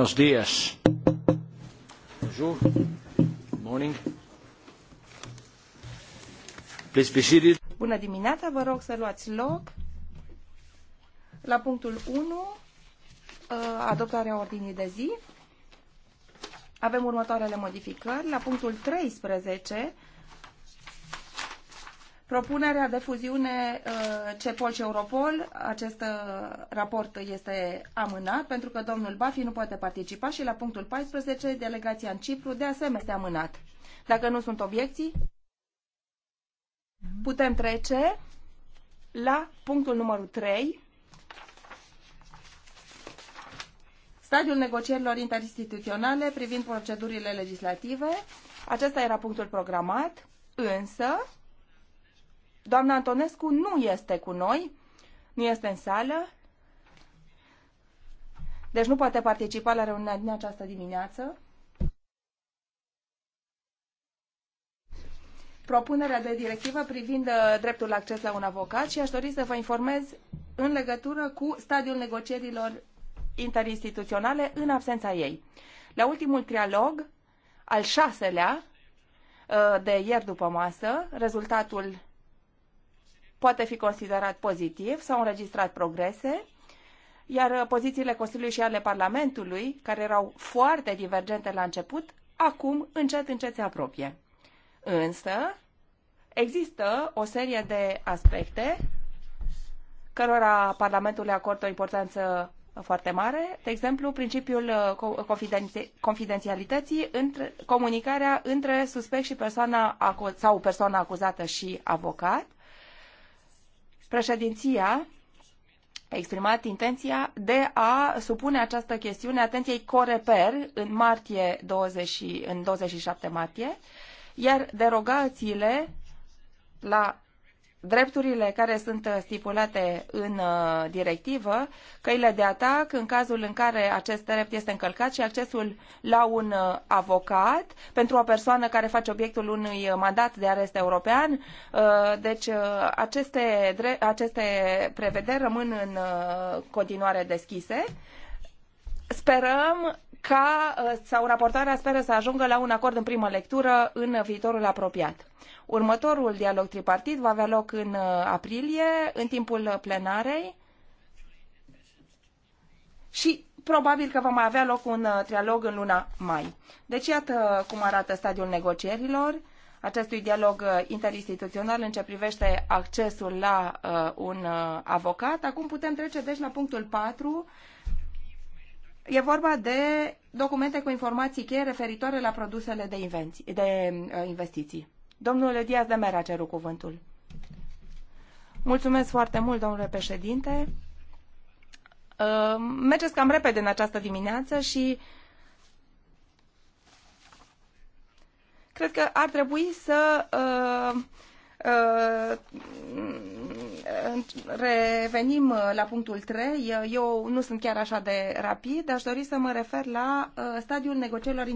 Buenos Bună dimineața, vă rog să luați loc. La punctul 1, uh, adoptarea ordinii de zi. Avem următoarele modificări. La punctul 13, Propunerea de fuziune uh, CEPOL și Europol, acest uh, raport este amânat pentru că domnul Bafi nu poate participa și la punctul 14, delegația în Cipru de asemenea este amânat. Dacă nu sunt obiecții, putem trece la punctul numărul 3, stadiul negocierilor interinstituționale privind procedurile legislative. Acesta era punctul programat, însă Doamna Antonescu nu este cu noi, nu este în sală, deci nu poate participa la reuniunea din această dimineață. Propunerea de directivă privind uh, dreptul la acces la un avocat și aș dori să vă informez în legătură cu stadiul negocierilor interinstituționale în absența ei. La ultimul trialog, al șaselea, uh, de ieri după masă, rezultatul poate fi considerat pozitiv, s-au înregistrat progrese, iar uh, pozițiile Consiliului și ale Parlamentului, care erau foarte divergente la început, acum încet încet se apropie. Însă, există o serie de aspecte cărora Parlamentul le acordă o importanță foarte mare, de exemplu, principiul uh, confidențialității, între, comunicarea între suspect și persoana sau persoana acuzată și avocat, Președinția a exprimat intenția de a supune această chestiune atenției Coreper în martie 20, în 27 martie, iar derogațiile la drepturile care sunt uh, stipulate în uh, directivă, căile de atac în cazul în care acest drept este încălcat și accesul la un uh, avocat pentru o persoană care face obiectul unui mandat de arest european. Deci aceste, aceste prevederi rămân în continuare deschise. Sperăm ca, sau raportarea speră să ajungă la un acord în primă lectură în viitorul apropiat. Următorul dialog tripartit va avea loc în uh, aprilie, în timpul plenarei și probabil că va mai avea loc un uh, trialog în luna mai. Deci iată cum arată stadiul negocierilor acestui dialog uh, interinstituțional în ce privește accesul la uh, un uh, avocat. Acum putem trece deci la punctul 4. E vorba de documente cu informații cheie referitoare la produsele de, invenții, de uh, investiții. Domnul Diaz de Mera ceru cuvântul. Mulțumesc foarte mult, domnule președinte. Uh, mergeți cam repede în această dimineață și cred că ar trebui să uh, uh, revenim uh, la punctul 3. Uh, eu nu sunt chiar așa de rapid. Aș dori să mă refer la uh, stadiul negocierilor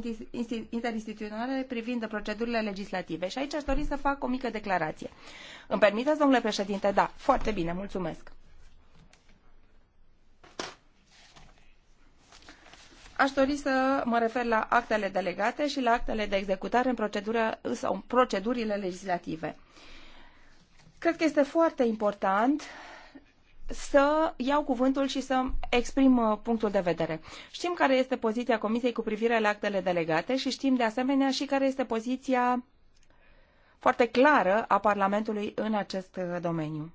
interinstituționale privind procedurile legislative. Și aici aș dori să fac o mică declarație. Îmi permiteți, domnule președinte? Da, foarte bine, mulțumesc. Aș dori să mă refer la actele delegate și la actele de executare în procedură, sau procedurile legislative. Uh, Cred că este foarte important să iau cuvântul și să exprim uh, punctul de vedere. Știm care este poziția Comisiei cu privire la actele delegate și știm de asemenea și care este poziția foarte clară a Parlamentului în acest uh, domeniu.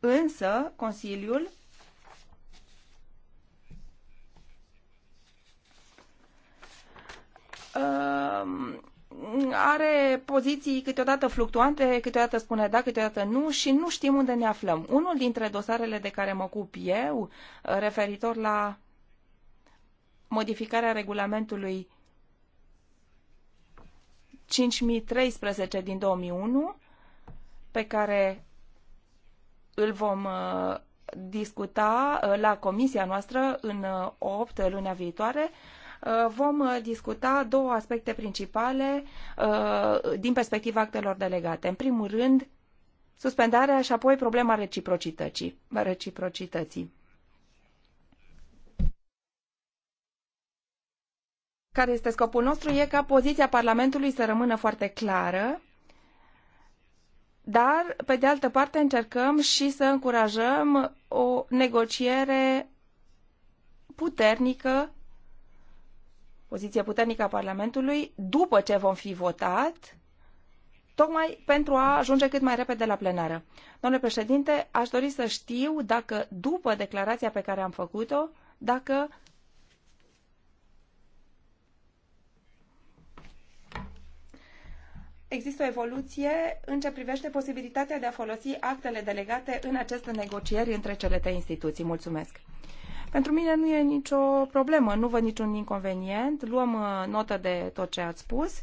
Însă, Consiliul uh, are poziții câteodată fluctuante, câteodată spune da, câteodată nu și nu știm unde ne aflăm. Unul dintre dosarele de care mă ocup eu, referitor la modificarea regulamentului 5013 din 2001, pe care îl vom uh, discuta uh, la comisia noastră în 8 uh, luni viitoare, Uh, vom uh, discuta două aspecte principale uh, din perspectiva actelor delegate. În primul rând, suspendarea și apoi problema reciprocității. reciprocității. Care este scopul nostru? E ca poziția Parlamentului să rămână foarte clară dar, pe de altă parte, încercăm și să încurajăm o negociere puternică poziție puternică a Parlamentului după ce vom fi votat, tocmai pentru a ajunge cât mai repede la plenară. Domnule președinte, aș dori să știu dacă, după declarația pe care am făcut-o, dacă există o evoluție în ce privește posibilitatea de a folosi actele delegate în aceste negocieri între cele trei instituții. Mulțumesc! Pentru mine nu e nicio problemă, nu văd niciun inconvenient, luăm uh, notă de tot ce ați spus,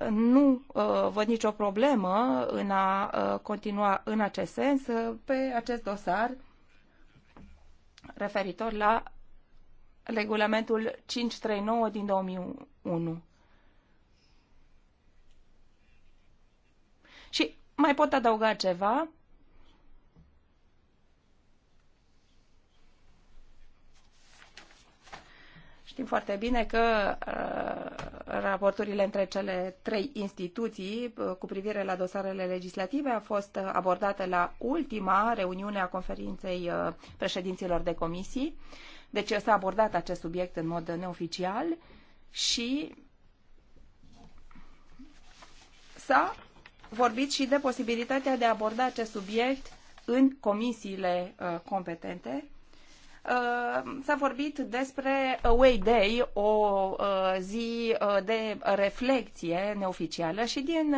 uh, nu uh, văd nicio problemă în a continua în acest sens pe acest dosar referitor la regulamentul 539 din 2001. Și mai pot adăuga ceva. Știm foarte bine că uh, raporturile între cele trei instituții uh, cu privire la dosarele legislative a fost uh, abordate la ultima reuniune a conferinței președinților de comisii. Deci s-a abordat acest subiect în mod neoficial și s-a vorbit și de posibilitatea de a aborda acest subiect în comisiile competente Uh, s-a vorbit despre Away Day, o uh, zi uh, de reflecție neoficială și din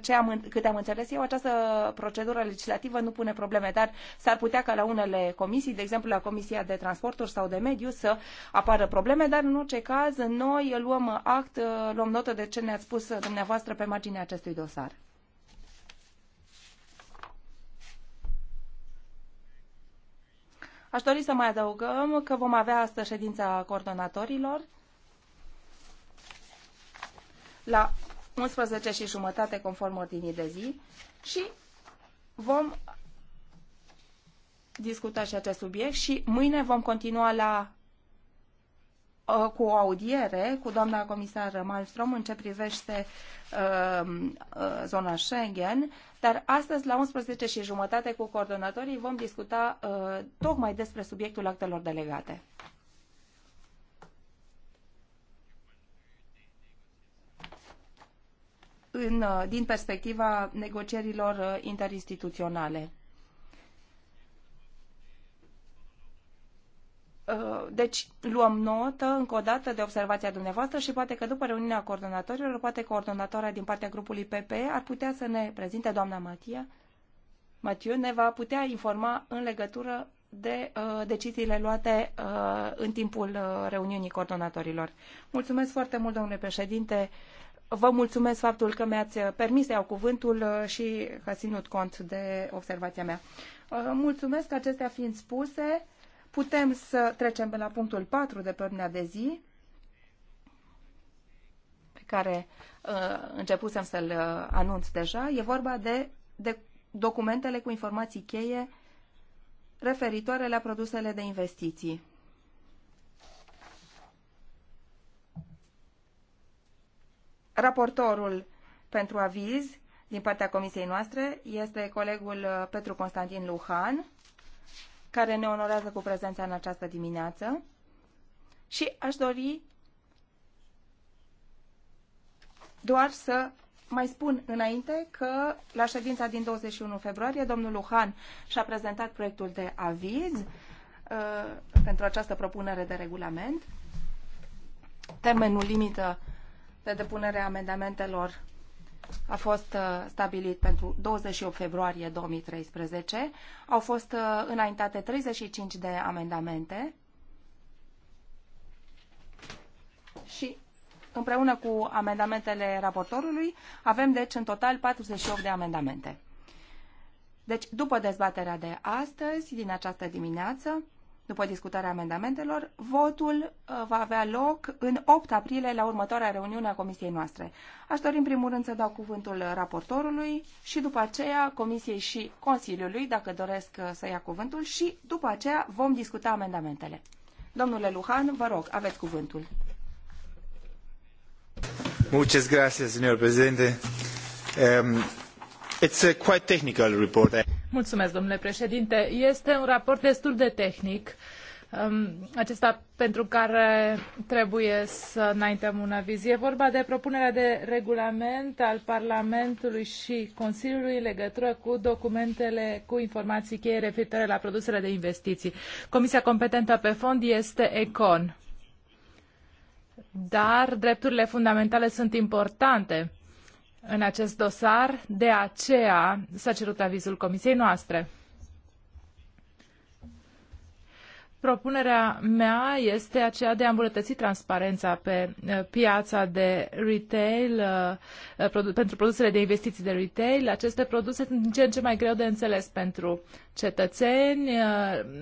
ce am, câte am înțeles eu, această procedură legislativă nu pune probleme, dar s-ar putea ca la unele comisii, de exemplu la Comisia de Transporturi sau de Mediu, să apară probleme, dar în orice caz noi luăm act, luăm notă de ce ne-ați spus dumneavoastră pe marginea acestui dosar. Aș dori să mai adăugăm că vom avea astăzi ședința coordonatorilor la 11 și jumătate conform ordinii de zi și vom discuta și acest subiect și mâine vom continua la uh, cu o audiere cu doamna comisar Malmström în ce privește uh, uh zona Schengen dar astăzi la 11 și jumătate cu coordonatorii vom discuta uh, tocmai despre subiectul actelor delegate. În, uh, din perspectiva negocierilor uh, interinstituționale. Uh, deci luăm notă încă o dată de observația dumneavoastră și poate că după reuniunea coordonatorilor, poate coordonatoarea din partea grupului PP ar putea să ne prezinte doamna Matia. Matiu ne va putea informa în legătură de uh, deciziile luate uh, în timpul uh, reuniunii coordonatorilor. Mulțumesc foarte mult, domnule președinte. Vă mulțumesc faptul că mi-ați permis să iau cuvântul uh, și că ținut cont de observația mea. Uh, mulțumesc, acestea fiind spuse. Putem să trecem la punctul 4 de pe ordinea de zi, pe care uh, începusem să-l uh, anunț deja. E vorba de, de documentele cu informații cheie referitoare la produsele de investiții. Raportorul pentru aviz din partea comisiei noastre este colegul uh, Petru Constantin Luhan care ne onorează cu prezența în această dimineață și aș dori doar să mai spun înainte că la ședința din 21 februarie domnul Luhan și-a prezentat proiectul de aviz uh, pentru această propunere de regulament. Termenul limită de depunere a amendamentelor a fost uh, stabilit pentru 28 februarie 2013. Au fost uh, înaintate 35 de amendamente și împreună cu amendamentele raportorului avem deci în total 48 de amendamente. Deci, după dezbaterea de astăzi, din această dimineață, după discutarea amendamentelor, votul uh, va avea loc în 8 aprilie la următoarea reuniune a comisiei noastre. Aș dori în primul rând să dau cuvântul raportorului și după aceea comisiei și Consiliului, dacă doresc uh, să ia cuvântul, și după aceea vom discuta amendamentele. Domnule Luhan, vă rog, aveți cuvântul. Muchas gracias, señor presidente. Um domnule președinte. Este un raport destul de tehnic um, acesta pentru care trebuie să înaintăm un aviz. E vorba de propunerea de regulament al Parlamentului și Consiliului în legătură cu documentele cu informații cheie referitoare la produsele de investiții. Comisia competentă pe fond este ECON. Dar drepturile fundamentale sunt importante în acest dosar, de aceea s-a cerut avizul comisiei noastre. Propunerea mea este aceea de a îmbunătăți transparența pe eh, piața de retail, eh, eh, pentru produsele de investiții de retail. Aceste produse sunt din ce în ce mai greu de înțeles pentru cetățeni.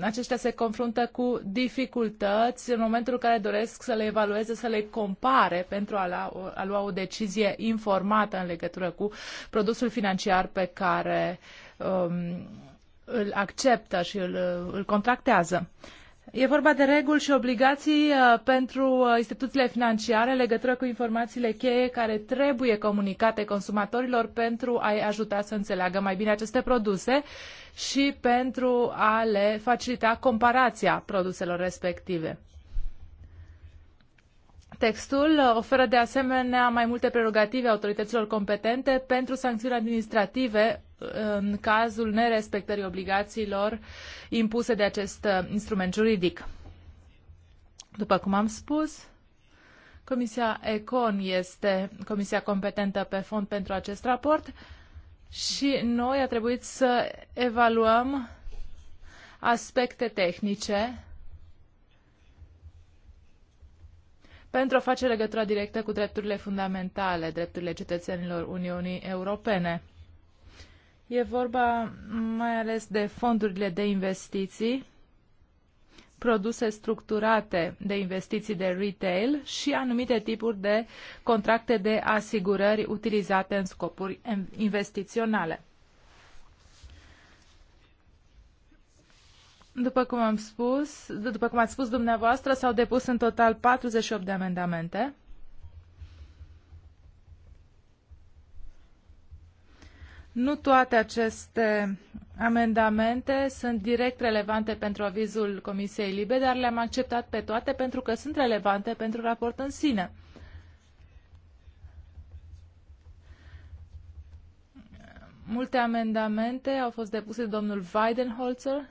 Aceștia se confruntă cu dificultăți în momentul în care doresc să le evalueze, să le compare pentru a lua, a lua o decizie informată în legătură cu produsul financiar pe care um, îl acceptă și îl, îl contractează. E vorba de reguli și obligații uh, pentru uh, instituțiile financiare legătură cu informațiile cheie care trebuie comunicate consumatorilor pentru a-i ajuta să înțeleagă mai bine aceste produse și pentru a le facilita comparația produselor respective. Textul uh, oferă de asemenea mai multe prerogative autorităților competente pentru sancțiuni administrative în cazul nerespectării obligațiilor impuse de acest uh, instrument juridic. După cum am spus, Comisia ECON este comisia competentă pe fond pentru acest raport și noi a trebuit să evaluăm aspecte tehnice pentru a face legătura directă cu drepturile fundamentale, drepturile cetățenilor Uniunii Europene. E vorba mai ales de fondurile de investiții, produse structurate de investiții de retail și anumite tipuri de contracte de asigurări utilizate în scopuri investiționale. După cum am spus, după cum ați spus dumneavoastră, s-au depus în total 48 de amendamente. Nu toate aceste amendamente sunt direct relevante pentru avizul Comisiei Libe, dar le-am acceptat pe toate pentru că sunt relevante pentru raport în sine. Multe amendamente au fost depuse de domnul Weidenholzer,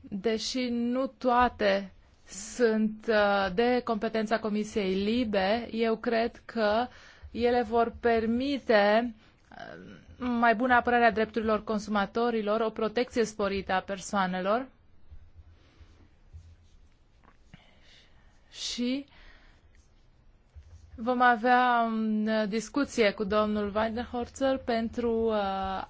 deși nu toate sunt uh, de competența Comisiei Libe, eu cred că ele vor permite uh, mai bună apărare a drepturilor consumatorilor, o protecție sporită a persoanelor și vom avea o um, discuție cu domnul Weidenhorzer pentru uh,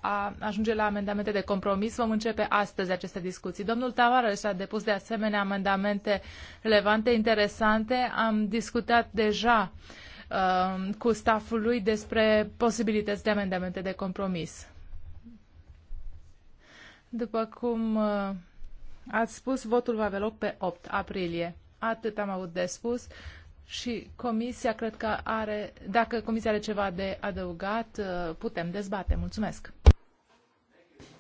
a ajunge la amendamente de compromis. Vom începe astăzi aceste discuții. Domnul Tavares a depus de asemenea amendamente relevante, interesante. Am discutat deja uh, Um, cu stafful lui despre posibilități de amendamente de compromis. După cum uh, ați spus, votul va avea loc pe 8 aprilie. Atât am avut de spus și comisia cred că are, dacă comisia are ceva de adăugat, uh, putem dezbate. Mulțumesc.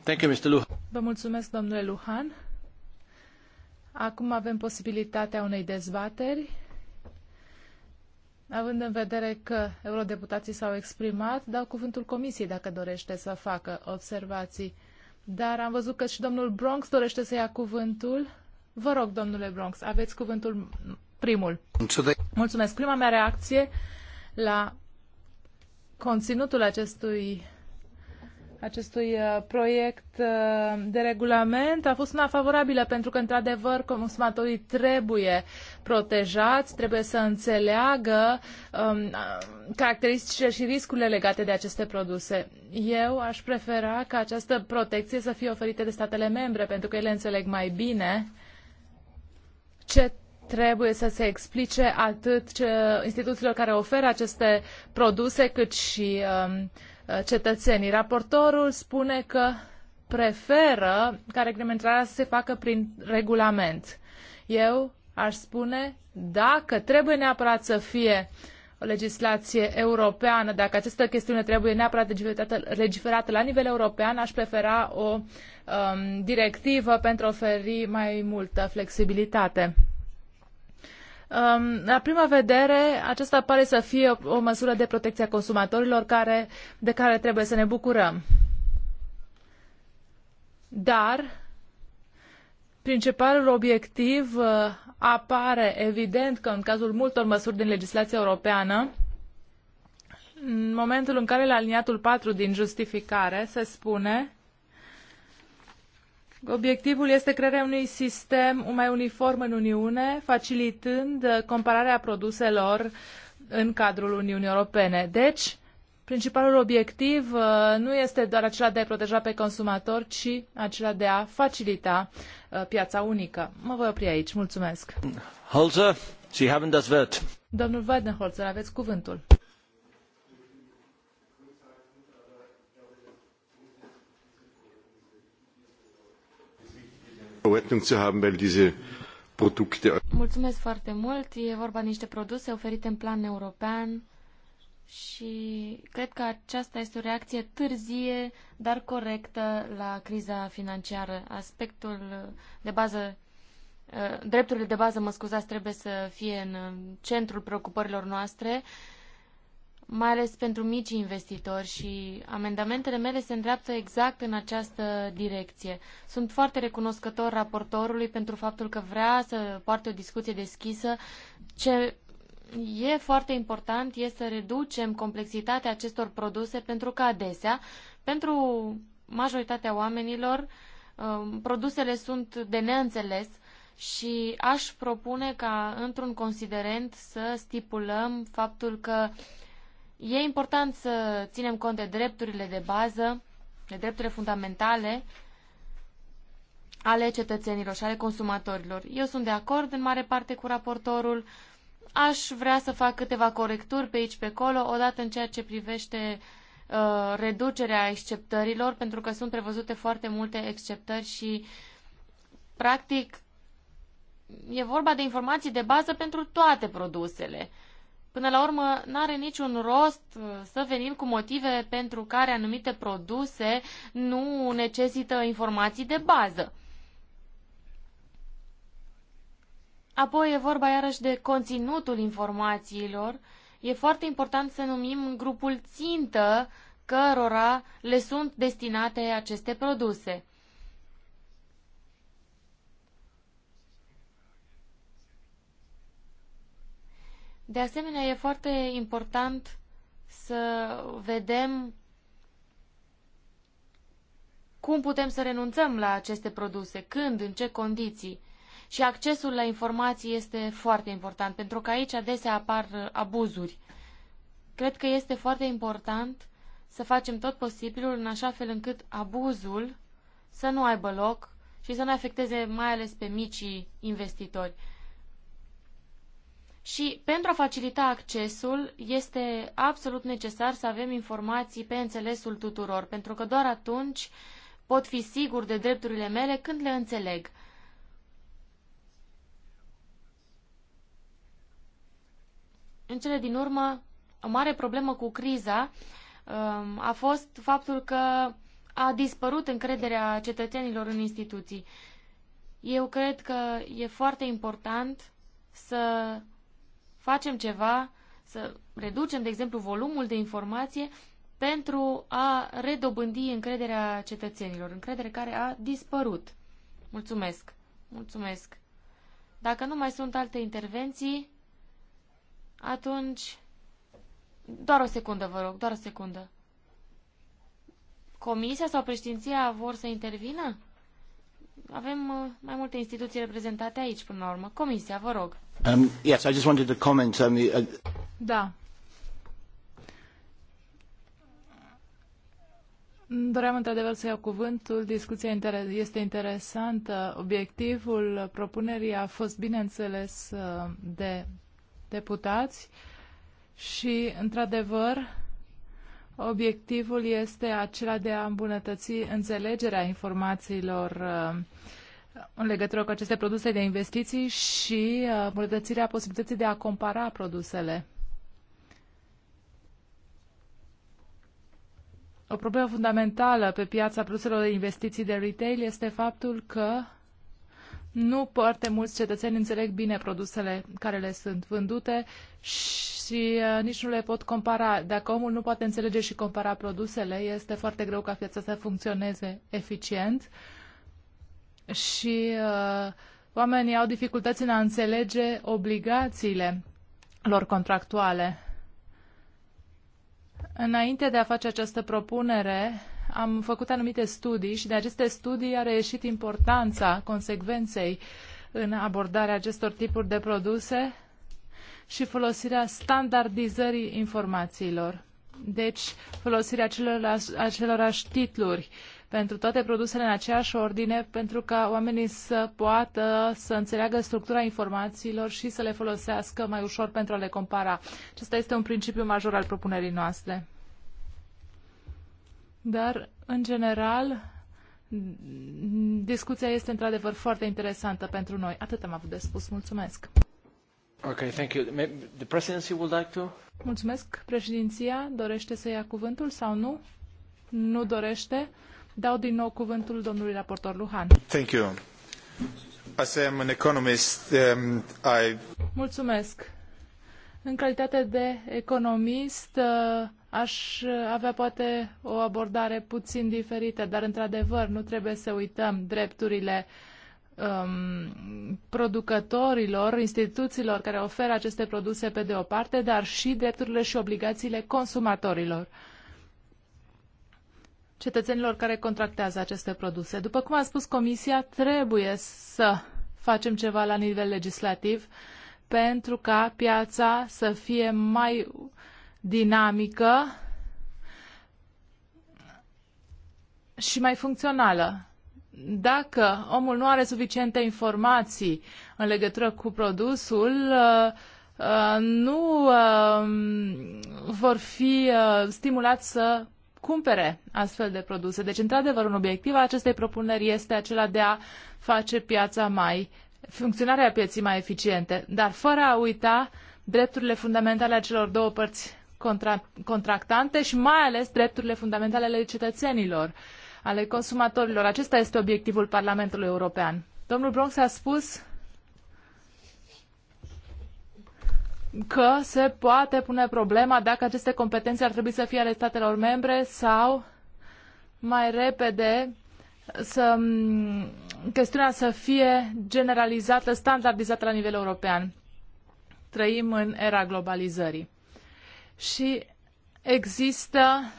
Thank you, Mr. Luhan. Vă mulțumesc, domnule Luhan. Acum avem posibilitatea unei dezbateri. Având în vedere că eurodeputații s-au exprimat, dau cuvântul comisiei dacă dorește să facă observații. Dar am văzut că și domnul Bronx dorește să ia cuvântul. Vă rog, domnule Bronx, aveți cuvântul primul. Mulțumesc. Prima mea reacție la conținutul acestui acestui uh, proiect uh, de regulament a fost una favorabilă pentru că, într-adevăr, consumatorii trebuie protejați, trebuie să înțeleagă um, caracteristicile și riscurile legate de aceste produse. Eu aș prefera ca această protecție să fie oferită de statele membre, pentru că ele înțeleg mai bine ce trebuie să se explice atât instituțiilor care oferă aceste produse, cât și um, cetățenii. Raportorul spune că preferă ca reglementarea să se facă prin regulament. Eu aș spune dacă trebuie neapărat să fie o legislație europeană, dacă această chestiune trebuie neapărat legiferată, legiferată la nivel european, aș prefera o um, directivă pentru a oferi mai multă flexibilitate. Um, la prima vedere, aceasta pare să fie o, o măsură de protecție a consumatorilor care, de care trebuie să ne bucurăm. Dar principalul obiectiv uh, apare evident că în cazul multor măsuri din legislația europeană, în momentul în care la aliniatul 4 din justificare se spune Obiectivul este crearea unui sistem mai uniform în Uniune, facilitând uh, compararea produselor în cadrul Uniunii Europene. Deci, principalul obiectiv uh, nu este doar acela de a proteja pe consumator, ci acela de a facilita uh, piața unică. Mă voi opri aici. Mulțumesc. Holzer, Sie haben das Wort. Domnul Weidenholzer, aveți cuvântul. Ordnung zu haben, weil diese Mulțumesc foarte mult. E vorba de niște produse oferite în plan european și cred că aceasta este o reacție târzie, dar corectă la criza financiară. Aspectul de bază eh, drepturile de bază, mă scuzați, trebuie să fie în centrul preocupărilor noastre mai ales pentru mici investitori și amendamentele mele se îndreaptă exact în această direcție. Sunt foarte recunoscător raportorului pentru faptul că vrea să poarte o discuție deschisă. Ce e foarte important este să reducem complexitatea acestor produse pentru că adesea, pentru majoritatea oamenilor, um, produsele sunt de neînțeles și aș propune ca într-un considerent să stipulăm faptul că E important să ținem cont de drepturile de bază, de drepturile fundamentale ale cetățenilor și ale consumatorilor. Eu sunt de acord în mare parte cu raportorul. Aș vrea să fac câteva corecturi pe aici, pe acolo, odată în ceea ce privește uh, reducerea exceptărilor, pentru că sunt prevăzute foarte multe exceptări și, practic, e vorba de informații de bază pentru toate produsele. Uh, Până la urmă, nu are niciun rost uh, să venim cu motive pentru care anumite produse nu necesită informații de bază. Apoi e vorba iarăși de conținutul informațiilor. E foarte important să numim grupul țintă cărora le sunt destinate aceste produse. De asemenea, e foarte important să vedem cum putem să renunțăm la aceste produse, când, în ce condiții. Și accesul la informații este foarte important, pentru că aici adesea apar abuzuri. Cred că este foarte important să facem tot posibilul în așa fel încât abuzul să nu aibă loc și să nu afecteze mai ales pe micii investitori. Și pentru a facilita accesul este absolut necesar să avem informații pe înțelesul tuturor, pentru că doar atunci pot fi sigur de drepturile mele când le înțeleg. În cele din urmă, o mare problemă cu criza um, a fost faptul că a dispărut încrederea cetățenilor în instituții. Eu cred că e foarte important să facem ceva, să reducem, de exemplu, volumul de informație pentru a redobândi încrederea cetățenilor, încredere care a dispărut. Mulțumesc! Mulțumesc! Dacă nu mai sunt alte intervenții, atunci... Doar o secundă, vă rog, doar o secundă. Comisia sau președinția vor să intervină? avem uh, mai multe instituții reprezentate aici, până la urmă. Comisia, vă rog. Um, yes, I just wanted to comment on um, the, uh... Da. Doream într-adevăr să iau cuvântul. Discuția este interesantă. Obiectivul propunerii a fost bineînțeles uh, de deputați și, într-adevăr, Obiectivul este acela de a îmbunătăți înțelegerea informațiilor uh, în legătură cu aceste produse de investiții și uh, îmbunătățirea posibilității de a compara produsele. O problemă fundamentală pe piața produselor de investiții de retail este faptul că nu foarte mulți cetățeni înțeleg bine produsele care le sunt vândute și uh, nici nu le pot compara. Dacă omul nu poate înțelege și compara produsele, este foarte greu ca piața să funcționeze eficient și uh, oamenii au dificultăți în a înțelege obligațiile lor contractuale. Înainte de a face această propunere, am făcut anumite studii și de aceste studii a reieșit importanța consecvenței în abordarea acestor tipuri de produse și folosirea standardizării informațiilor. Deci, folosirea acelorași, titluri pentru toate produsele în aceeași ordine, pentru ca oamenii să poată să înțeleagă structura informațiilor și să le folosească mai ușor pentru a le compara. Acesta este un principiu major al propunerii noastre. Dar, în general, discuția este într-adevăr foarte interesantă pentru noi. Atât am avut de spus. Mulțumesc. Okay, thank you. The presidency would like to... Mulțumesc. Președinția dorește să ia cuvântul sau nu? Nu dorește. Dau din nou cuvântul domnului raportor Luhan. Thank you. As I am an economist, um, I... Mulțumesc. În calitate de economist, uh, aș avea poate o abordare puțin diferită, dar într-adevăr nu trebuie să uităm drepturile um, producătorilor, instituțiilor care oferă aceste produse pe de o parte, dar și drepturile și obligațiile consumatorilor cetățenilor care contractează aceste produse. După cum a spus Comisia, trebuie să facem ceva la nivel legislativ uh, pentru ca piața să fie mai dinamică și mai funcțională. Dacă omul nu are suficiente informații în legătură cu produsul, uh, uh, nu uh, vor fi stimulați să cumpere astfel de produse. Deci, într-adevăr, un obiectiv al acestei propuneri este acela de a face piața mai funcționarea pieții mai eficiente, dar fără a uita drepturile fundamentale ale celor două părți contra contractante și mai ales drepturile fundamentale ale cetățenilor, ale consumatorilor. Acesta este obiectivul Parlamentului European. Domnul Bronx a spus că se poate pune problema dacă aceste competențe ar trebui să fie ale statelor membre sau mai repede să, chestiunea să fie generalizată, standardizată la nivel european. Trăim în era globalizării. Și există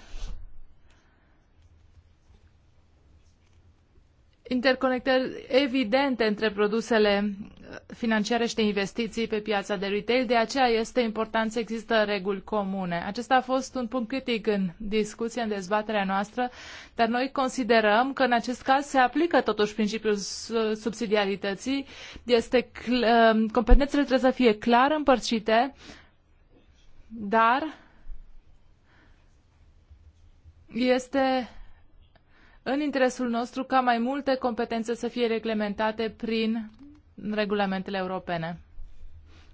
interconectări evidente între produsele financiare și de investiții pe piața de retail, de aceea este important să există reguli comune. Acesta a fost un punct critic în discuție, în dezbaterea noastră, dar noi considerăm că în acest caz se aplică totuși principiul subsidiarității. Este uh, competențele trebuie să fie clar împărțite, dar este în interesul nostru ca mai multe competențe să fie reglementate prin regulamentele europene.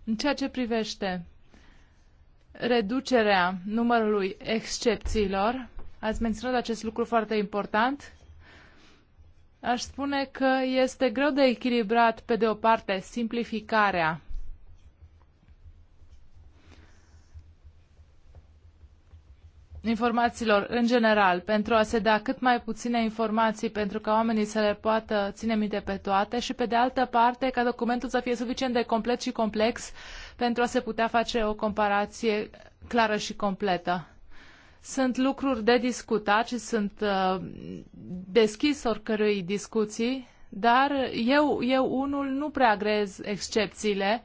În ceea ce privește reducerea numărului excepțiilor, ați menționat acest lucru foarte important. Aș spune că este greu de echilibrat, pe de o parte, simplificarea informațiilor în general, pentru a se da cât mai puține informații pentru ca oamenii să le poată ține minte pe toate și pe de altă parte ca documentul să fie suficient de complet și complex pentru a se putea face o comparație clară și completă. Sunt lucruri de discutat și sunt uh, deschis oricărui discuții, dar eu, eu unul nu prea grez excepțiile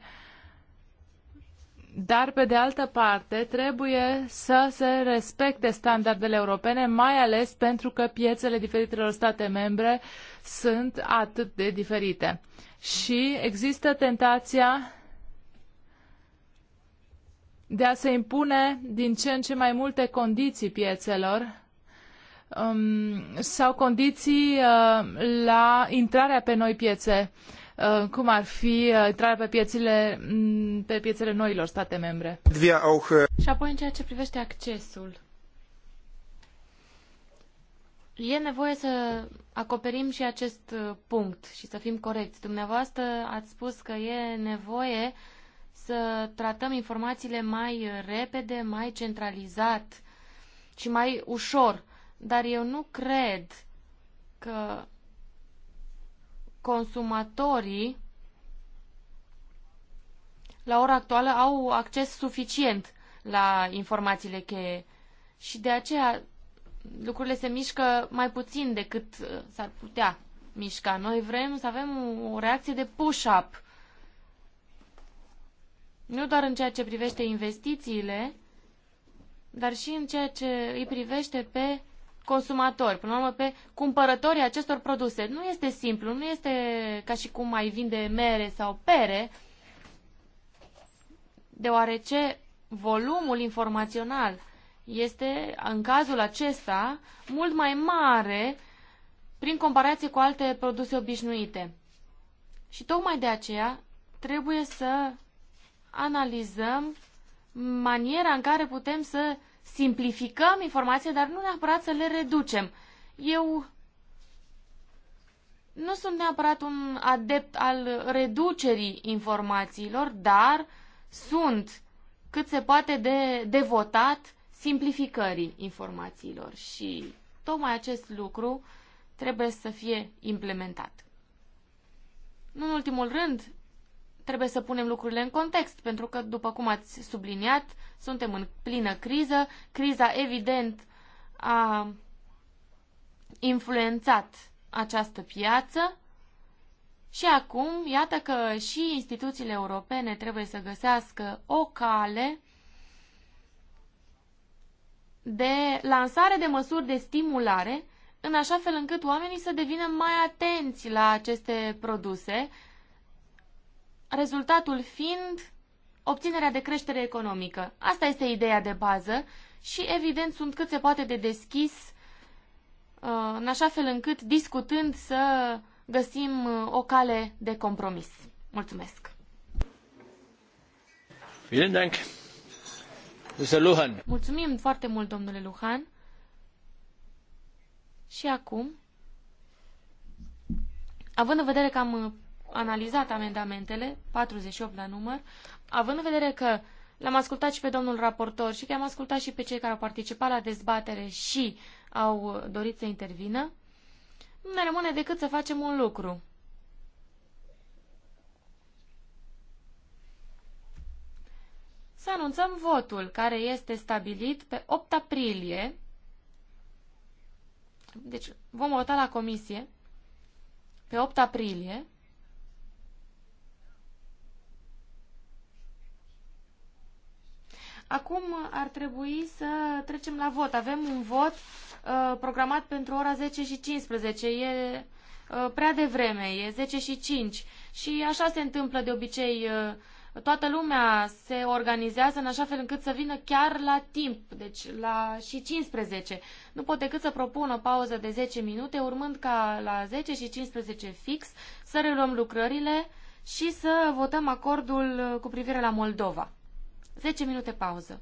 dar, pe de altă parte, trebuie să se respecte standardele europene, mai ales pentru că piețele diferitelor state membre sunt atât de diferite. Și există tentația de a se impune din ce în ce mai multe condiții piețelor um, sau condiții uh, la intrarea pe noi piețe. Uh, Uh, cum ar fi uh, intrarea pe piețele, mm, pe piețele noilor state membre. Uh, și apoi în ceea ce privește accesul. E nevoie să acoperim și acest punct și să fim corecți. Dumneavoastră ați spus că e nevoie să tratăm informațiile mai repede, mai centralizat și mai ușor. Dar eu nu cred că consumatorii la ora actuală au acces suficient la informațiile cheie și de aceea lucrurile se mișcă mai puțin decât uh, s-ar putea mișca. Noi vrem să avem o reacție de push-up. Nu doar în ceea ce privește investițiile, dar și în ceea ce îi privește pe consumatori, până la urmă pe cumpărătorii acestor produse. Nu este simplu, nu este ca și cum mai vinde mere sau pere, deoarece volumul informațional este, în cazul acesta, mult mai mare prin comparație cu alte produse obișnuite. Și tocmai de aceea trebuie să analizăm maniera în care putem să simplificăm informația, dar nu neapărat să le reducem. Eu nu sunt neapărat un adept al reducerii informațiilor, dar sunt cât se poate de devotat simplificării informațiilor și tocmai acest lucru trebuie să fie implementat. Nu în ultimul rând, trebuie să punem lucrurile în context, pentru că, după cum ați subliniat, suntem în plină criză. Criza, evident, a influențat această piață și acum, iată că și instituțiile europene trebuie să găsească o cale de lansare de măsuri de stimulare, în așa fel încât oamenii să devină mai atenți la aceste produse, rezultatul fiind obținerea de creștere economică. Asta este ideea de bază și, evident, sunt cât se poate de deschis, uh, în așa fel încât, discutând, să găsim uh, o cale de compromis. Mulțumesc! Mulțumim foarte mult, domnule Luhan. Și acum, având în vedere că am uh, analizat amendamentele, 48 la număr, având în vedere că l-am ascultat și pe domnul raportor și că am ascultat și pe cei care au participat la dezbatere și au dorit să intervină, nu ne rămâne decât să facem un lucru. Să anunțăm votul care este stabilit pe 8 aprilie. Deci vom vota la comisie pe 8 aprilie Acum ar trebui să trecem la vot. Avem un vot uh, programat pentru ora 10 și 15. E uh, prea devreme, e 10 și 5. Și așa se întâmplă de obicei. Uh, toată lumea se organizează în așa fel încât să vină chiar la timp, deci la și 15. Nu pot decât să propun o pauză de 10 minute, urmând ca la 10 și 15 fix să reluăm lucrările și să votăm acordul uh, cu privire la Moldova. 10 minute pauză.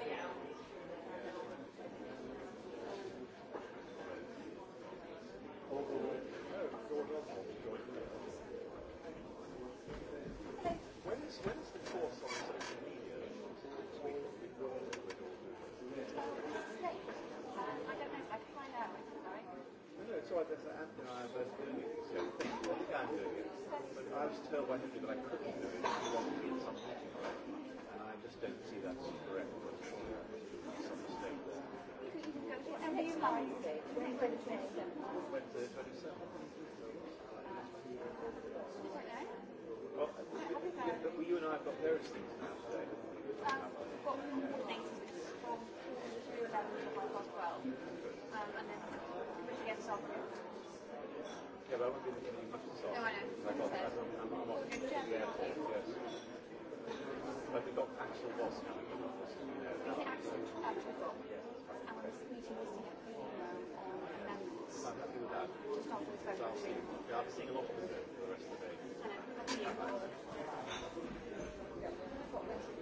don't see that as correct, but some mistake there. And it's Wednesday, Wednesday 27th. Well, yeah, but you and I have got various things now today. Um, what we coordinate is from 4 to 11 to 5 past 12, um, and then we should get started. Yeah, but I won't be in the committee much this afternoon. No, I know. I'm off. Yeah, yes. But we got Axel Voss coming in office. Is it Axel? Axel Voss. And this meeting was to get on um, amendments. I'm happy with that. Um, just not the so yeah, I'll be seeing a lot of them for the rest of the day. And I'm happy.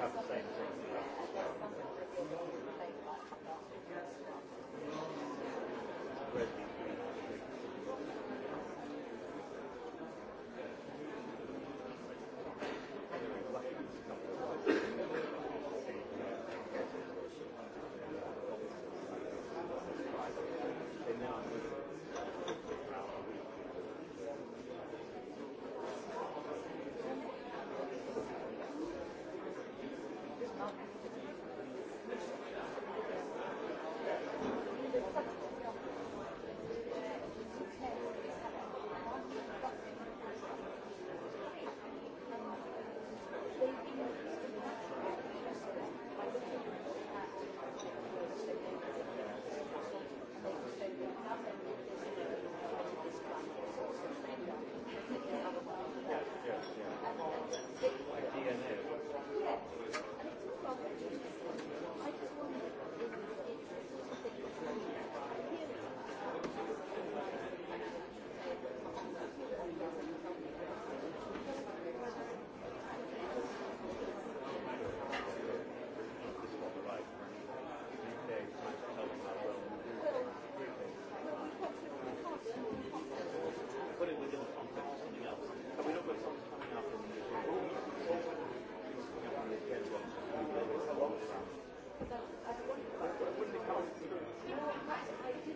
Thank you.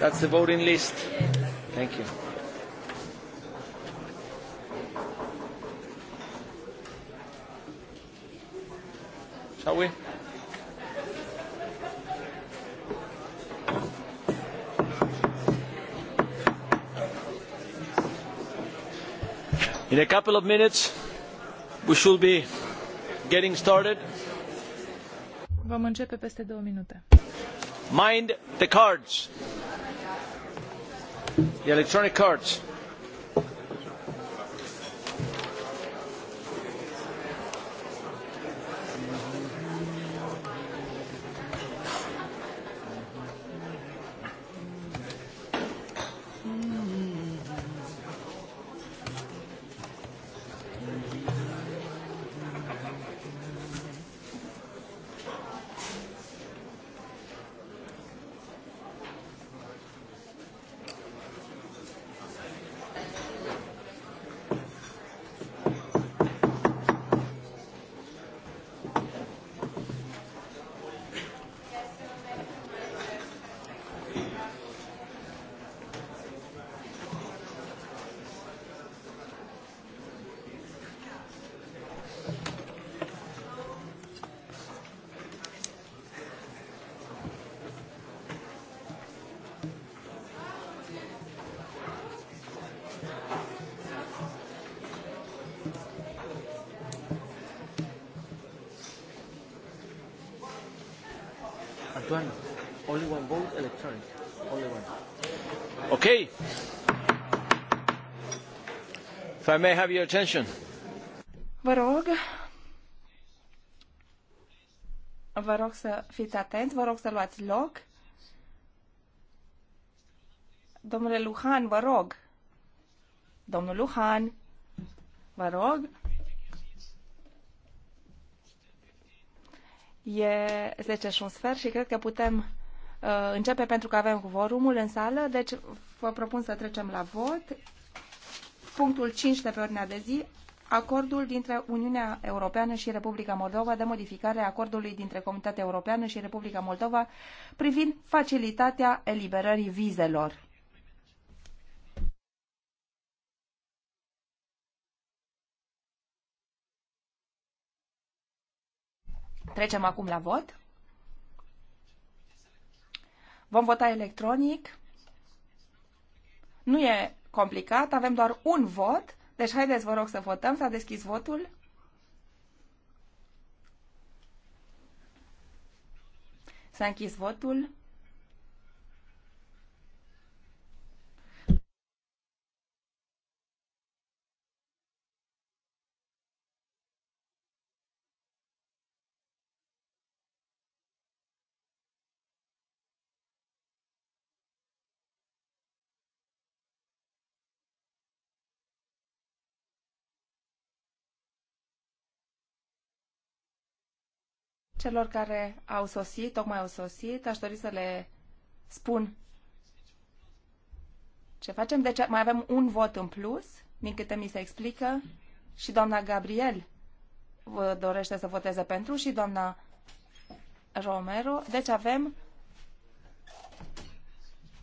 That's the voting list. Thank you. Shall we? In a couple of minutes, we should be getting started. Vom începe peste două minute. Mind the cards the electronic cards. Vă rog, vă rog să fiți atenți, vă rog să luați loc. Domnule Luhan, vă rog. Domnul Luhan, vă rog. E 10 și un sfert și cred că putem uh, începe pentru că avem cuvorumul în sală, deci vă propun să trecem la vot punctul 5 de pe ordinea de zi, acordul dintre Uniunea Europeană și Republica Moldova de modificare a acordului dintre Comunitatea Europeană și Republica Moldova privind facilitatea eliberării vizelor. Trecem acum la vot. Vom vota electronic. Nu e complicat, avem doar un vot, deci haideți, vă rog, să votăm, s-a deschis votul. S-a închis votul. Celor care au sosit, tocmai au sosit, aș dori să le spun ce facem. Deci mai avem un vot în plus, din câte mi se explică, și doamna Gabriel vă dorește să voteze pentru și doamna Romero. Deci avem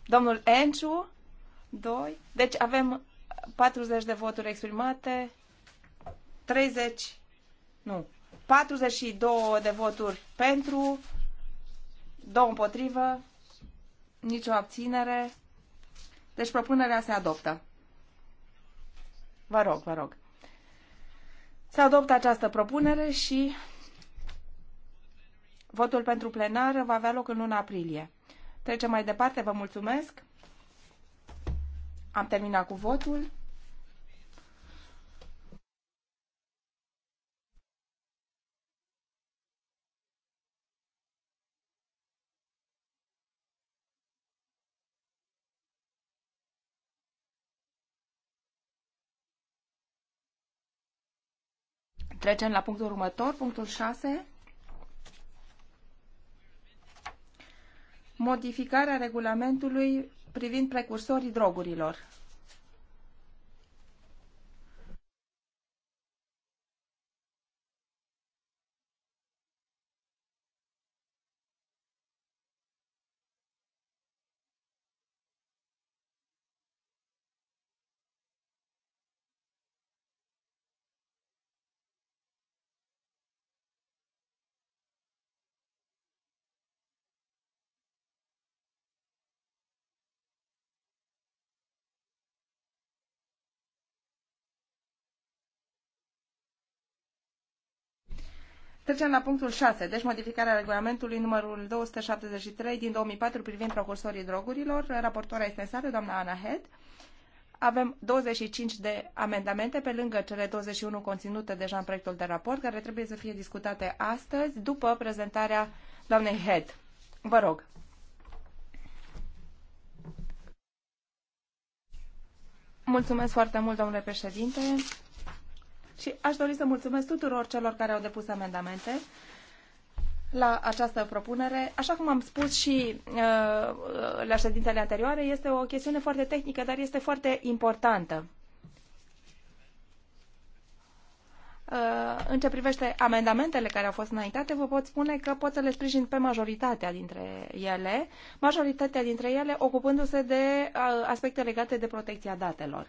domnul Enciu, 2. Deci avem 40 de voturi exprimate, 30, nu, 42 de voturi pentru, 2 împotrivă, nicio abținere. Deci propunerea se adoptă. Vă rog, vă rog. Se adoptă această propunere și votul pentru plenar va avea loc în luna aprilie. Trecem mai departe, vă mulțumesc. Am terminat cu votul. Trecem la punctul următor, punctul 6. Modificarea regulamentului privind precursorii drogurilor. Trecem la punctul 6, deci modificarea regulamentului numărul 273 din 2004 privind procursorii drogurilor. Raportoarea este în sală, doamna Ana Head. Avem 25 de amendamente pe lângă cele 21 conținute deja în proiectul de raport, care trebuie să fie discutate astăzi după prezentarea doamnei Head. Vă rog. Mulțumesc foarte mult, domnule președinte. Și aș dori să mulțumesc tuturor celor care au depus amendamente la această propunere. Așa cum am spus și uh, la ședințele anterioare, este o chestiune foarte tehnică, dar este foarte importantă. Uh, în ce privește amendamentele care au fost înaintate, vă pot spune că pot să le sprijin pe majoritatea dintre ele, majoritatea dintre ele ocupându-se de uh, aspecte legate de protecția datelor.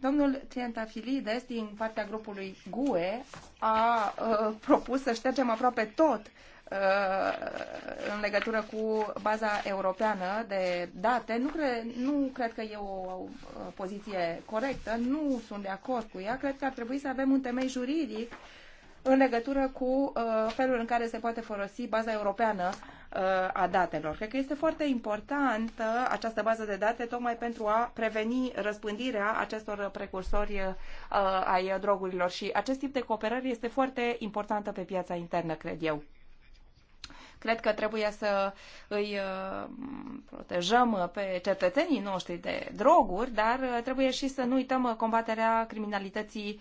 Domnul Triantafilides, din partea grupului GUE, a uh, propus să ștergem aproape tot uh, în legătură cu baza europeană de date. Nu, cre- nu cred că e o, o uh, poziție corectă, nu sunt de acord cu ea. Cred că ar trebui să avem un temei juridic în legătură cu uh, felul în care se poate folosi baza europeană a datelor. Cred că este foarte importantă această bază de date tocmai pentru a preveni răspândirea acestor precursori uh, ai drogurilor și acest tip de cooperare este foarte importantă pe piața internă, cred eu. Cred că trebuie să îi uh, protejăm pe cetățenii noștri de droguri, dar uh, trebuie și să nu uităm uh, combaterea criminalității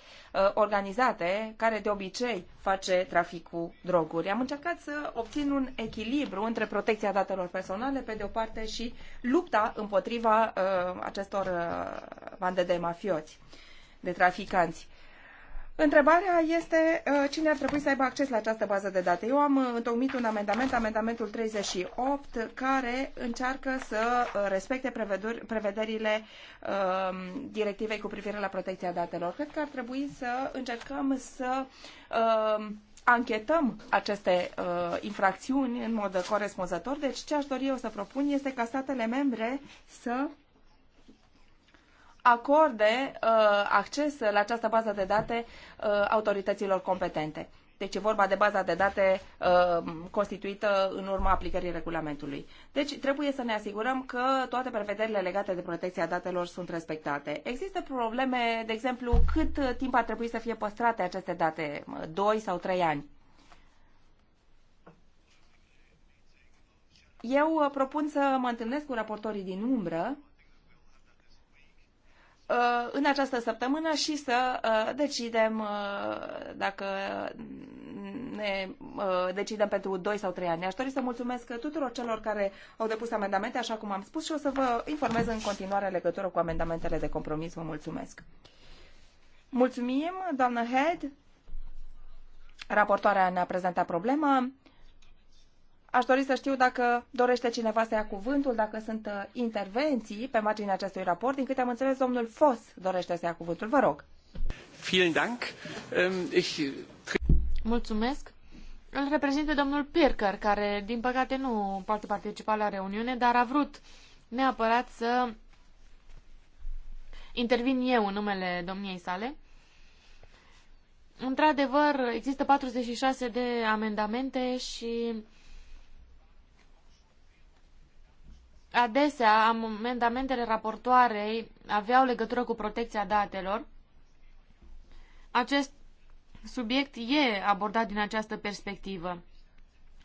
organizate, care de obicei face traficul droguri. Am încercat să obțin un echilibru între protecția datelor personale, pe de o parte, și lupta împotriva acestor bande de mafioți, de traficanți. Întrebarea este uh, cine ar trebui să aibă acces la această bază de date. Eu am uh, întocmit un amendament, amendamentul 38, care încearcă să uh, respecte prevederile um, directivei cu privire la protecția datelor. Cred că ar trebui să încercăm să um, anchetăm aceste uh, infracțiuni în mod corespunzător. Deci ce aș dori eu să propun este ca statele membre să acorde uh, acces la această bază de date Uh, autorităților competente. Deci e vorba de baza de date uh, constituită în urma aplicării regulamentului. Deci trebuie să ne asigurăm că toate prevederile legate de protecția datelor sunt respectate. Există probleme, de exemplu, cât timp ar trebui să fie păstrate aceste date, 2 sau 3 ani. Eu uh, propun să mă întâlnesc cu raportorii din umbră Uh, în această săptămână și să uh, decidem uh, dacă ne decidem pentru 2 sau 3 ani. Aș dori să mulțumesc tuturor celor care au depus amendamente, așa cum am spus, și o să vă informez în continuare legătură cu amendamentele de compromis. Vă mulțumesc. Mulțumim, doamnă Head. Raportoarea ne-a prezentat problema. Aș dori să știu dacă dorește cineva să ia cuvântul, dacă sunt uh, intervenții pe marginea acestui raport. Din câte am înțeles, domnul Fos dorește să ia cuvântul. Vă rog. Ähm, Mulțumesc. Îl reprezintă domnul Pirker, care, din păcate, nu poate participa la reuniune, dar a vrut neapărat să intervin eu în numele domniei sale. Într-adevăr, există 46 de amendamente și adesea amendamentele raportoarei aveau legătură cu protecția datelor. Acest subiect e abordat din această perspectivă.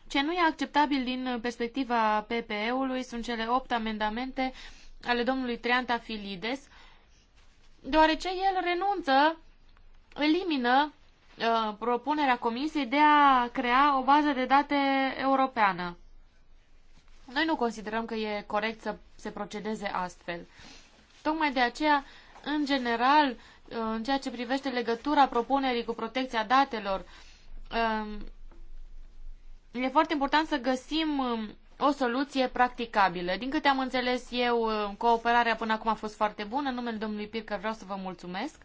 Ce nu e acceptabil din perspectiva PPE-ului sunt cele opt amendamente ale domnului Trianta Filides, deoarece el renunță, elimină uh, propunerea Comisiei de a crea o bază de date europeană. Noi nu considerăm că e corect să se procedeze astfel. Tocmai de aceea, în general, uh, în ceea ce privește legătura propunerii cu protecția datelor, um, e foarte important să găsim um, o soluție practicabilă. Din câte am înțeles eu, uh, cooperarea până acum a fost foarte bună. În numele domnului Pircă vreau să vă mulțumesc.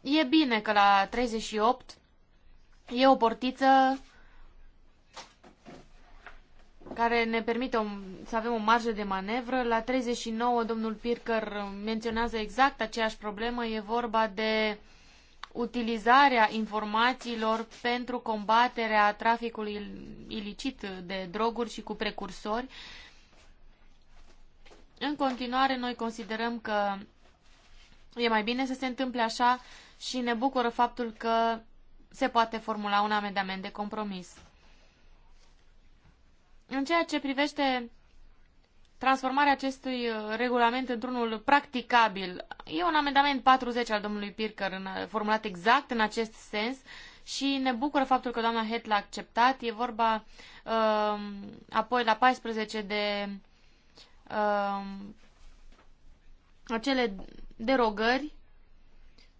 E bine că la 38 e o portiță care ne permite un, să avem o marjă de manevră. La 39, domnul Pircăr menționează exact aceeași problemă. E vorba de utilizarea informațiilor pentru combaterea traficului ilicit de droguri și cu precursori. În continuare, noi considerăm că e mai bine să se întâmple așa și ne bucură faptul că se poate formula un amendament de compromis. În ceea ce privește transformarea acestui uh, regulament într-unul practicabil, e un amendament 40 al domnului Pircăr uh, formulat exact în acest sens și ne bucură faptul că doamna Het l-a acceptat. E vorba uh, apoi la 14 de uh, acele derogări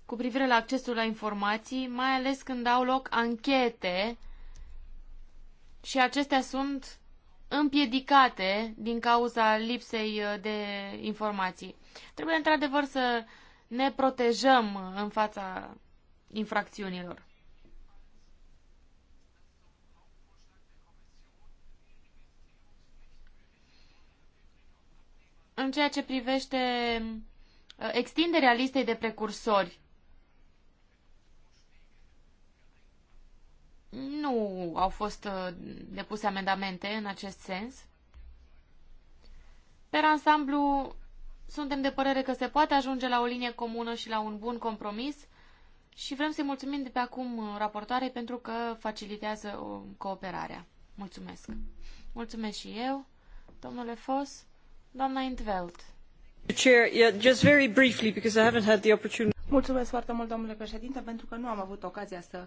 cu privire la accesul la informații, mai ales când au loc anchete și acestea sunt împiedicate din cauza lipsei uh, de informații. Trebuie într-adevăr să ne protejăm în fața infracțiunilor. În ceea ce privește uh, extinderea listei de precursori, Nu au fost uh, depuse amendamente în acest sens. Per ansamblu, suntem de părere că se poate ajunge la o linie comună și la un bun compromis și vrem să-i mulțumim de pe acum uh, raportoarei pentru că facilitează uh, cooperarea. Mulțumesc! Mulțumesc și eu, domnule Fos, doamna Intveld. Mulțumesc foarte mult, domnule președinte, pentru că nu am avut ocazia să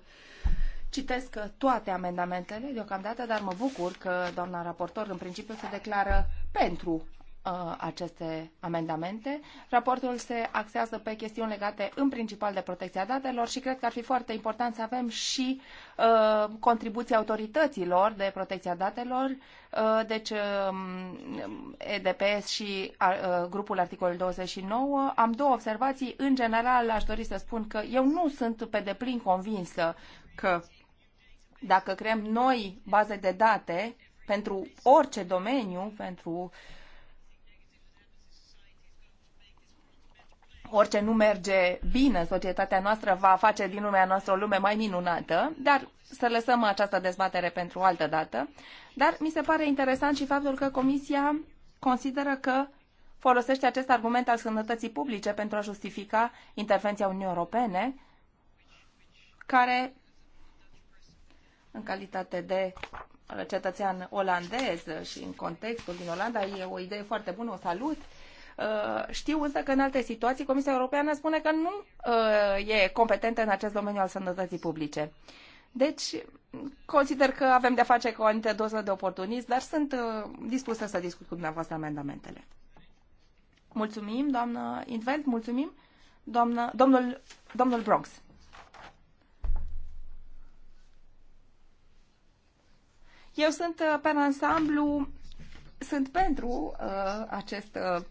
citesc toate amendamentele deocamdată, dar mă bucur că doamna raportor în principiu se declară pentru uh, aceste amendamente. Raportul se axează pe chestiuni legate în principal de protecția datelor și cred că ar fi foarte important să avem și uh, contribuții autorităților de protecția datelor, uh, deci um, EDPS și uh, grupul articolul 29. Am două observații. În general, aș dori să spun că eu nu sunt pe deplin convinsă că dacă creăm noi baze de date pentru orice domeniu, pentru orice nu merge bine, societatea noastră va face din lumea noastră o lume mai minunată, dar să lăsăm această dezbatere pentru o altă dată. Dar mi se pare interesant și faptul că Comisia consideră că folosește acest argument al sănătății publice pentru a justifica intervenția Uniunii Europene, care în calitate de uh, cetățean olandez și în contextul din Olanda e o idee foarte bună, o salut. Uh, știu însă că în alte situații Comisia Europeană spune că nu uh, e competentă în acest domeniu al sănătății publice. Deci, consider că avem de-a face cu o anumită doză de oportunism, dar sunt dispusă să discut cu dumneavoastră amendamentele. Mulțumim, doamnă Invent, mulțumim, doamnă, domnul, domnul Bronx. Eu sunt uh, pe ansamblu, sunt pentru uh, acest uh, uh,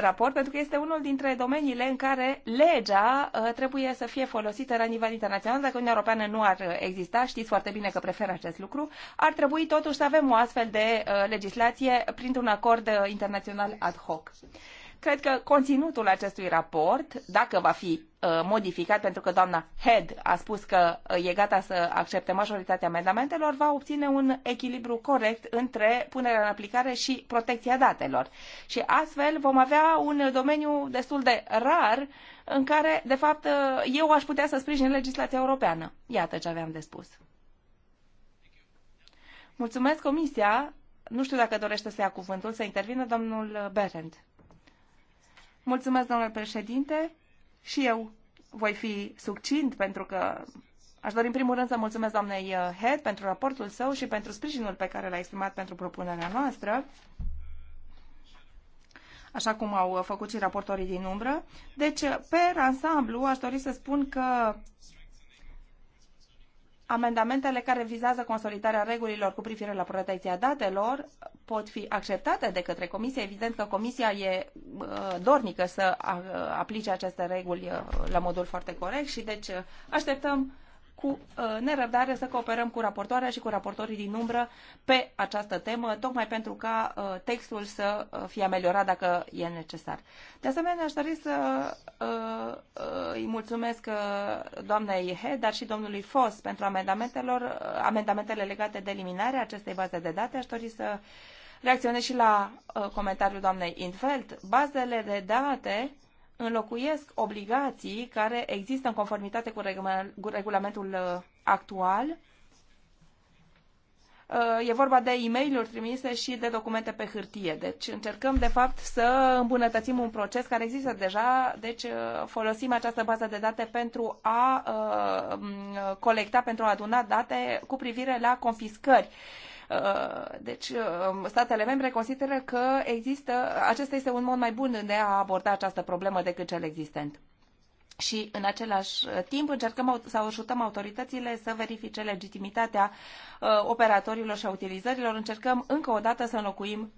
raport, pentru că este unul dintre domeniile în care legea uh, trebuie să fie folosită la nivel internațional. Dacă Uniunea Europeană nu ar exista, știți foarte bine că prefer acest lucru, ar trebui totuși să avem o astfel de uh, legislație printr-un acord uh, internațional ad hoc. Cred că conținutul acestui raport, dacă va fi Uh, modificat, pentru că doamna Head a spus că uh, e gata să accepte majoritatea amendamentelor, va obține un echilibru corect între punerea în aplicare și protecția datelor. Și astfel vom avea un domeniu destul de rar în care, de fapt, uh, eu aș putea să sprijin legislația europeană. Iată ce aveam de spus. Mulțumesc, Comisia. Nu știu dacă dorește să ia cuvântul, să intervină domnul Berend. Mulțumesc, domnule președinte. Și eu voi fi succint pentru că aș dori în primul rând să mulțumesc doamnei uh, Head pentru raportul său și pentru sprijinul pe care l-a exprimat pentru propunerea noastră așa cum au uh, făcut și raportorii din umbră. Deci, uh, pe ansamblu, aș dori să spun că amendamentele care vizează consolidarea regulilor cu privire la protecția datelor pot fi acceptate de către Comisie. Evident că Comisia e uh, dornică să uh, aplice aceste reguli uh, la modul foarte corect și deci așteptăm cu uh, nerăbdare să cooperăm cu raportoarea și cu raportorii din umbră pe această temă, tocmai pentru ca uh, textul să uh, fie ameliorat dacă e necesar. De asemenea, aș dori să îi mulțumesc doamnei He, dar și domnului Fos pentru amendamentelor, amendamentele legate de eliminarea acestei baze de date. Aș dori să reacționez și la comentariul doamnei Infeld. Bazele de date uh, înlocuiesc obligații care există în conformitate cu regulamentul uh, actual. Uh, e vorba de e mail trimise și de documente pe hârtie. Deci încercăm, de fapt, să îmbunătățim un proces care există deja. Deci uh, folosim această bază de date pentru a colecta, pentru a aduna date cu privire la confiscări Uh, deci, um, statele membre consideră că există, acesta este un mod mai bun de a aborda această problemă decât cel existent. Și în același uh, timp încercăm să ajutăm autoritățile să verifice legitimitatea uh, operatorilor și a utilizărilor. Încercăm încă o dată să înlocuim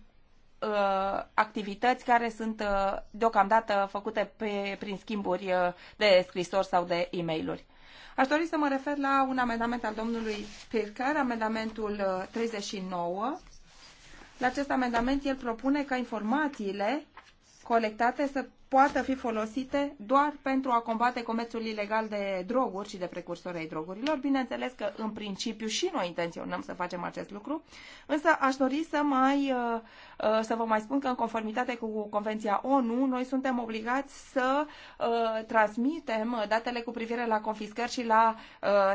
activități care sunt deocamdată făcute pe, prin schimburi de scrisori sau de e-mail-uri. Aș dori să mă refer la un amendament al domnului Pirker, amendamentul 39. Uh, la acest amendament el propune ca informațiile colectate să poată fi folosite doar pentru a combate comerțul ilegal de droguri și de precursori ai drogurilor. Bineînțeles că în principiu și noi intenționăm să facem acest lucru, însă aș dori să mai uh, Uh, să vă mai spun că în conformitate cu Convenția ONU, noi suntem obligați să uh, transmitem uh, datele cu privire la confiscări și la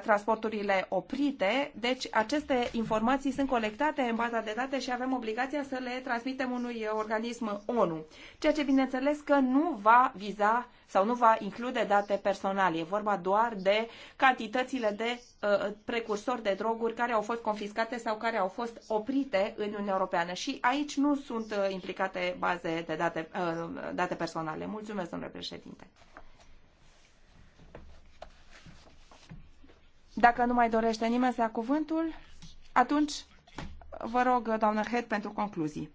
transporturile oprite. Deci aceste informații sunt colectate în baza de date și avem obligația să le transmitem unui organism ONU. Ceea ce bineînțeles că nu va viza sau nu va include date personale. E vorba doar de cantitățile de uh, precursori de droguri care au fost confiscate sau care au fost oprite în Uniunea Europeană. Și aici nu sunt uh, implicate baze de date, uh, date personale. Mulțumesc, domnule președinte. Dacă nu mai dorește nimeni să ia cuvântul, atunci vă rog, doamnă Head, pentru concluzii.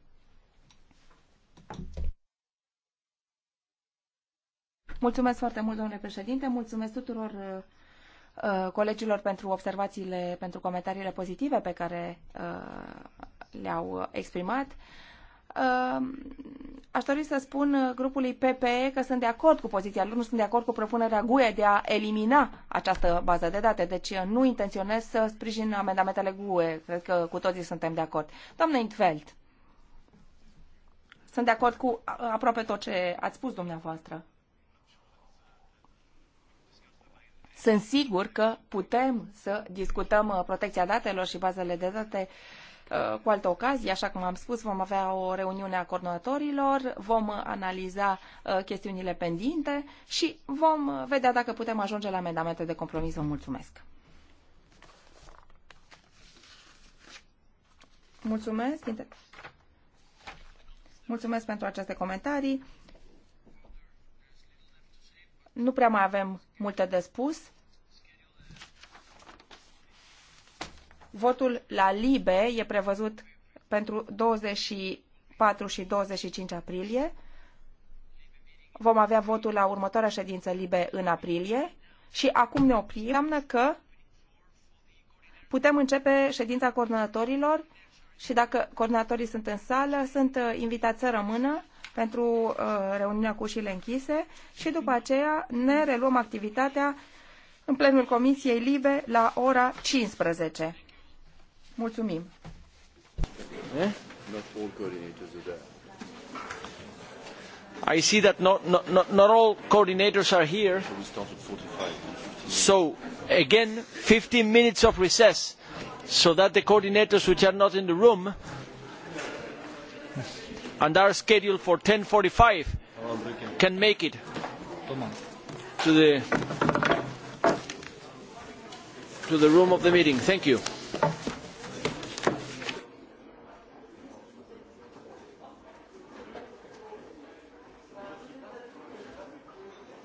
Mulțumesc foarte mult, domnule președinte, mulțumesc tuturor uh, uh, colegilor pentru observațiile, pentru comentariile pozitive pe care uh, le-au exprimat. aș dori să spun grupului PPE că sunt de acord cu poziția lor, nu sunt de acord cu propunerea GUE de a elimina această bază de date, deci nu intenționez să sprijin amendamentele GUE, cred că cu toții suntem de acord. Doamne Intveld, sunt de acord cu aproape tot ce ați spus dumneavoastră. Sunt sigur că putem să discutăm uh, protecția datelor și bazele de date uh, cu altă ocazie, așa cum am spus, vom avea o reuniune a coordonatorilor, vom uh, analiza chestiunile pendinte și vom vedea dacă putem ajunge la amendamente de compromis. Vă mulțumesc! Mulțumesc! Mulțumesc pentru aceste comentarii. Nu prea mai avem multe de spus. Votul la LIBE e prevăzut pentru 24 și 25 aprilie. Vom avea votul la următoarea ședință LIBE în aprilie. Și acum ne oprim. Înseamnă că putem începe ședința coordonatorilor și dacă coordonatorii sunt în sală, sunt uh, invitați să rămână pentru uh, reuniunea cu ușile închise și după aceea ne reluăm activitatea în plenul Comisiei Libe la ora 15. Mulțumim! Eh? I see that not, not, not all coordinators are here. So, again, 15 minutes of recess so that the coordinators which are not in the room and are scheduled for 10.45 can make it to the, to the room of the meeting. Thank you.